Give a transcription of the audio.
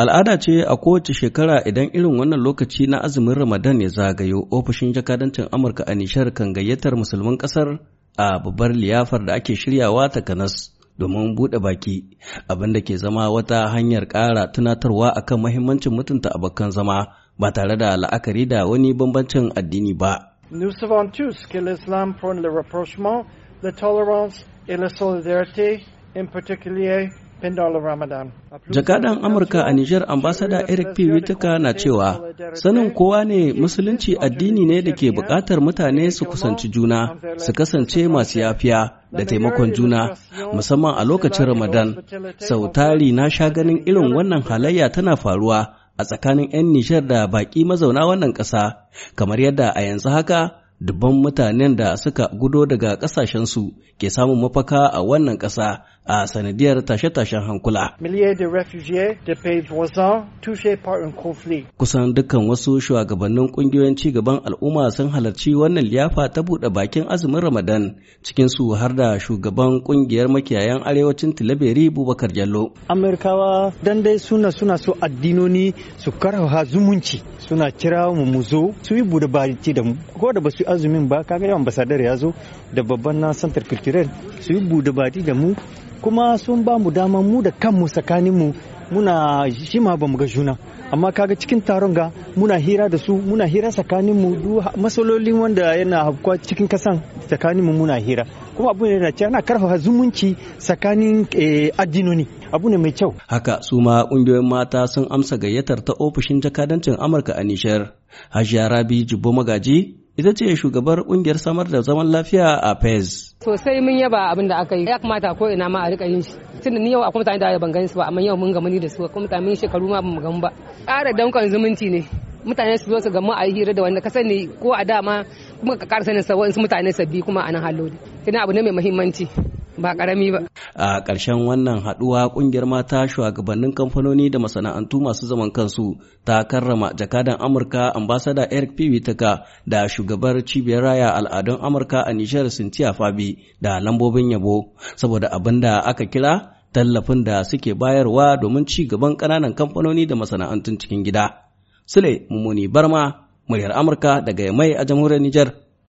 Al'ada ce a kowace shekara idan irin wannan lokaci na azumin Ramadan ya zagayo ofishin jakadancin Amurka a Nishar kan gayyatar musulman ƙasar a babbar liyafar da ake shiryawa takanas domin buɗe baki abin da ke zama wata hanyar ƙara tunatarwa akan mahimmancin mutunta abokan zama ba tare da la'akari da wani bambancin addini ba. Nous savons tous que l'islam prône rapprochement, Jakadan Amurka a Nijar ambasada Eric P. Whittaker na cewa sanin kowa ne musulunci addini ne da ke buƙatar mutane su kusanci juna su kasance masu yafiya da taimakon juna musamman a lokacin Ramadan. Sau tari na sha ganin irin wannan halayya tana faruwa a tsakanin 'yan Nijar da baƙi mazauna wannan ƙasa kamar yadda a yanzu haka dubban mutanen da suka gudo daga ƙasashensu ke samun mafaka a wannan ƙasa a sanadiyar tashe-tashen hankula. Kusan dukkan wasu shugabannin kungiyoyin ci gaban al'umma sun halarci wannan liyafa ta buɗe bakin azumin Ramadan cikin su har da shugaban kungiyar makiyayan arewacin Tilaberi Bubakar Jallo. Amerikawa dan dai suna suna so addinoni su karfafa zumunci suna kira mu mu zo su yi buɗe bakin da mu ko da ba su azumin ba kaga yawan basadar ya zo da babban na santar cultural su yi buɗe bakin da mu kuma sun ba mu dama mu da kanmu tsakaninmu muna shima ba mu ga juna amma kaga cikin taron ga muna hira da su muna hira tsakanin mu duk masalolin wanda yana hakuwa cikin kasan tsakanin mu muna hira kuma abu ne da ce ana karfafa zumunci tsakanin eh, addinoni abu ne mai kyau haka su ma kungiyoyin mata sun amsa gayyatar ta ofishin jakadancin Amurka a Nishar Hajiya Rabi Jibbo Magaji ita ce shugabar kungiyar samar da zaman lafiya a Fez sosai mun yaba abin da aka yi ya kamata ko ina ma a rika yin shi tun ni yau akwai mutane da ban gani su ba amma yau mun gamu ni da su kuma mutane mun shekaru ma ban gamu ba ƙara dankan zumunci ne mutane su zo su gamu a yi hira da wanda ka sani ko a dama kuma ka ƙara sanin sa mutane sabbi kuma a nan haloli kina abu ne mai muhimmanci ba ƙarami ba a ƙarshen wannan haɗuwa ƙungiyar mata shugabannin kamfanoni da masana'antu masu zaman kansu ta karrama jakadan amurka ambasada eric taka da shugabar cibiyar raya al'adun amurka a nishar cynthia fabi da lambobin yabo saboda abin da aka kira tallafin da suke bayarwa domin ci gaban ƙananan kamfanoni da masana'antun cikin gida sule mummuni barma muryar amurka daga mai a jamhuriyar nijar